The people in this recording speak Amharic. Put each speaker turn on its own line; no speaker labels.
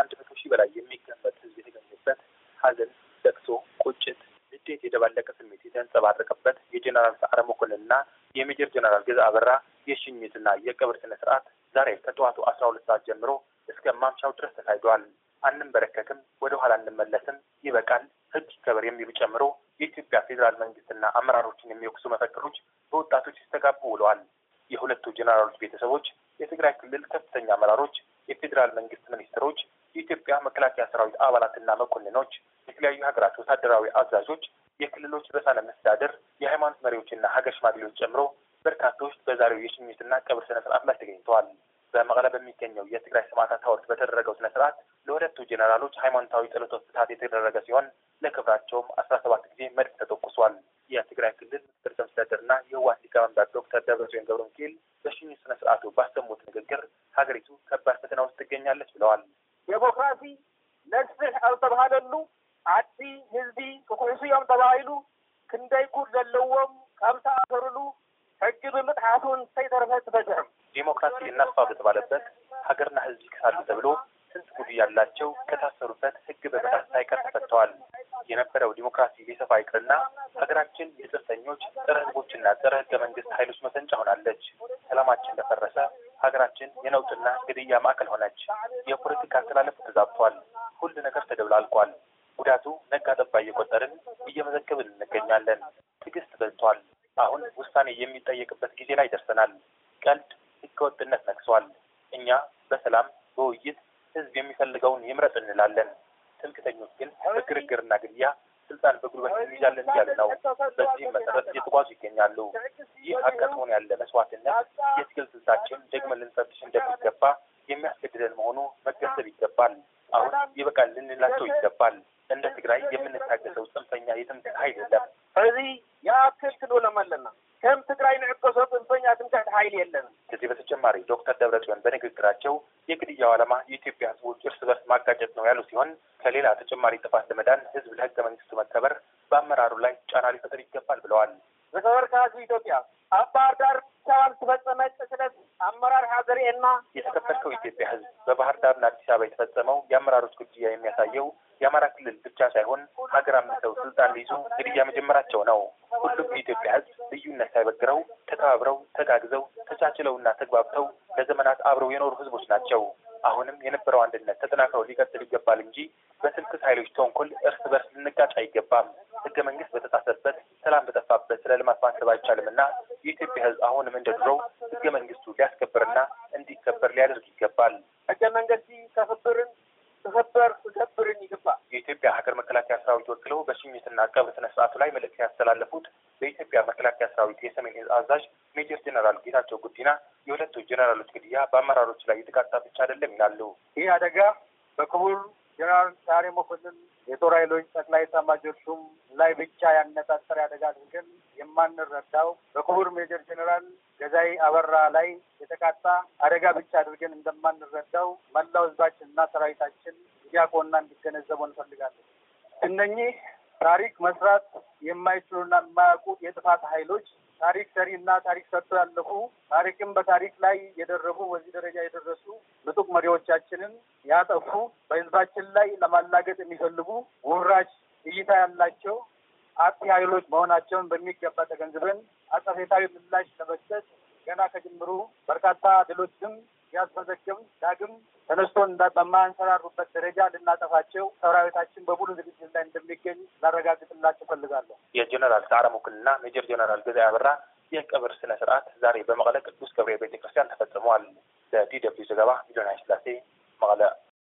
ከአንድ መቶ ሺህ በላይ የሚገመት ህዝብ የተገኘበት ሀዘን፣ ለቅሶ፣ ቁጭት፣ ንዴት የደባለቀ ስሜት የተንጸባረቀበት የጀኔራል ሰዓረ መኮንንና የሜጀር ጀኔራል ገዛ አበራ የሽኝትና የቀብር ስነ ስርዓት ዛሬ ከጠዋቱ አስራ ሁለት ሰዓት ጀምሮ እስከ ማምሻው ድረስ ተካሂደዋል። አንንበረከክም፣ ወደ ኋላ አንመለስም፣ ይበቃል፣ ህግ ይከበር የሚሉ ጨምሮ የኢትዮጵያ ፌዴራል መንግስትና አመራሮችን የሚወቅሱ መፈክሮች በወጣቶች ሲስተጋቡ ውለዋል። የሁለቱ ጀኔራሎች ቤተሰቦች፣ የትግራይ ክልል ከፍተኛ አመራሮች፣ የፌዴራል መንግስት ሚኒስትሮች የኢትዮጵያ መከላከያ ሰራዊት አባላትና መኮንኖች፣ የተለያዩ ሀገራት ወታደራዊ አዛዦች፣ የክልሎች ርዕሳነ መስተዳድር፣ የሃይማኖት መሪዎችና ሀገር ሽማግሌዎች ጨምሮ በርካቶች በዛሬው የሽኝትና ቀብር ስነ ስርዓት ላይ ተገኝተዋል። በመቀለ በሚገኘው የትግራይ ሰማዕታት ሐውልት በተደረገው ስነ ስርዓት ለሁለቱ ጄኔራሎች ሃይማኖታዊ ጸሎተ ፍትሐት የተደረገ ሲሆን ለክብራቸውም አስራ ሰባት ጊዜ መድፍ ተተኩሷል። የትግራይ ክልል ምክትል ርዕሰ መስተዳድርና የህወሓት ሊቀመንበር ዶክተር ደብረጽዮን ገብረ ሚካኤል በሽኝት ስነ ስርዓቱ ባሰሙት ንግግር ሀገሪቱ ከባድ ፈተና ውስጥ ትገኛለች ብለዋል። ዴሞክራሲ
ነዝህ ኣብ ዝተባሃለሉ ዓዲ ህዝቢ ክኩዕሱ እዮም ተባሂሉ ጉድ ዘለዎም ካብ ዝተኣሰሩሉ ሕጊ ብምጥሓቱን ዝተይተረፈ ትበዝሕም
ዴሞክራሲ እናስፋ ብዝባለበት ሃገርና ህዝቢ ክሳሉ ተብሎ ስንት ጉድ ያላቸው ከታሰሩበት ህግ በመጣስ ሳይቀር ተፈተዋል። የነበረው ዲሞክራሲ ሊሰፋ ይቅርና ሀገራችን የጽንፈኞች ጸረ ህዝቦችና ጸረ ህገ መንግስት ኃይሎች መሰንጫ ሆናለች። ሰላማችን ተፈረሰ። ሀገራችን የነውጥና ግድያ ማዕከል ሆነች። የፖለቲካ አስተላለፍ ተዛብቷል። ሁሉ ነገር ተደብላልቋል። ጉዳቱ ነጋ ጠባ እየቆጠርን እየመዘገብን እንገኛለን። ትዕግስት በልቷል። አሁን ውሳኔ የሚጠየቅበት ጊዜ ላይ ደርሰናል። ቀልድ፣ ህገወጥነት ነግሷል። እኛ በሰላም በውይይት ህዝብ የሚፈልገውን ይምረጥ እንላለን። ትምክተኞች ግን በግርግርና ግድያ ስልጣን በጉልበት እንይዛለን እያለ ነው። በዚህም መሰረት እየተጓዙ ይገኛሉ። ይህ አጋጥሞን ያለ መስዋዕትነት የትግል ስልታችን ደግመ ልንፈትሽ እንደሚገባ የሚያስገድደን መሆኑ መገንዘብ ይገባል። አሁን ይበቃል ልንላቸው ይገባል። እንደ ትግራይ የምንታገሰው ጽንፈኛ የትም ኃይል የለም።
እዚ የአክል ትልለም ከም ትግራይ ንዕቀሶ ጽንፈኛ ትምታት ኃይል የለንም።
ከዚህ በተጨማሪ ዶክተር ደብረጽዮን በንግግራቸው የግድያው ዓላማ የኢትዮጵያ ሕዝቦች እርስ በርስ ማጋጨት ነው ያሉ ሲሆን ከሌላ ተጨማሪ ጥፋት ለመዳን ሕዝብ ለህገ መንግስቱ መከበር በአመራሩ ላይ ጫና ሊፈጥር ይገባል ብለዋል።
ዘተወርካቱ ኢትዮጵያ ኣብ ባህር ዳር ብቻዋን ዝተፈፀመ ቅስለት አመራር ሀገሬ
የተከፈልከው ኢትዮጵያ ህዝብ በባህር ዳርና አዲስ አበባ የተፈጸመው የአመራሮች ግድያ የሚያሳየው የአማራ ክልል ብቻ ሳይሆን ሀገር አምሰው ስልጣን ሊይዙ ግድያ መጀመራቸው ነው። ሁሉም የኢትዮጵያ ህዝብ ልዩነት ሳይበግረው ተከባብረው፣ ተጋግዘው፣ ተቻችለውና ተግባብተው ለዘመናት አብረው የኖሩ ህዝቦች ናቸው። አሁንም የነበረው አንድነት ተጠናክረው ሊቀጥል ይገባል እንጂ በትምክህት ኃይሎች ተንኮል እርስ በርስ ልንጋጭ አይገባም። ህገ መንግስት በተጣሰበት፣ ሰላም በጠፋበት ስለ ልማት ማሰብ አይቻልም እና የኢትዮጵያ ህዝብ አሁንም እንደ ድሮው ህገ መንግስቱ ሊያስከብርና እንዲከበር ሊያደርግ ይገባል። ህገ መንግስት ከፍብርን ተከበር ተከብርን ይገባል። የኢትዮጵያ ሀገር መከላከያ ሰራዊት ወክለው በሽኝትና ቀብር ስነ ስርዓቱ ላይ መልእክት ያስተላለፉት በኢትዮጵያ መከላከያ ሰራዊት የሰሜን ህዝብ አዛዥ ሜጀር ጀነራል ጌታቸው ጉዲና የሁለቱ ጀኔራሎች ግድያ በአመራሮች ላይ የተቃጣ ብቻ አይደለም ይላሉ። ይህ አደጋ በክቡር
ጀኔራል ሳሬ መኮንን የጦር ኃይሎች ጠቅላይ ኤታማዦር ሹም ላይ ብቻ ያነጣጠረ አደጋ አድርገን የማንረዳው በክቡር ሜጀር ጀኔራል ገዛይ አበራ ላይ የተቃጣ አደጋ ብቻ አድርገን እንደማንረዳው መላው ህዝባችንና ሰራዊታችን እንዲያውቁና እንዲገነዘቡ እንፈልጋለን። እነኚህ ታሪክ መስራት የማይችሉና የማያውቁ የጥፋት ኃይሎች ታሪክ እና ታሪክ ሰጥቶ ያለፉ ታሪክም በታሪክ ላይ የደረጉ በዚህ ደረጃ የደረሱ ምጡቅ መሪዎቻችንን ያጠፉ በህዝባችን ላይ ለማላገጥ የሚፈልጉ ወራጅ እይታ ያላቸው አጥፊ ኃይሎች መሆናቸውን በሚገባ ተገንዝበን አጸፌታዊ ምላሽ ለመስጠት ገና ከጅምሩ በርካታ ድሎችም ያልተዘገቡ ዳግም ተነስቶ በማንሰራሩበት ደረጃ ልናጠፋቸው
ሰራዊታችን በሙሉ ዝግጅት ላይ እንደሚገኝ ላረጋግጥላቸው ፈልጋለሁ። የጀኔራል ሰዓረ ሙክልና ሜጀር ጀኔራል ገዛ ያበራ የቀብር ስነ ስርዓት ዛሬ በመቀለ ቅዱስ ገብርኤል ቤተክርስቲያን ተፈጽመዋል። ተፈጽሟል። ለዲ ደብልዩ ዘገባ ሚሊዮን ስላሴ መቀለ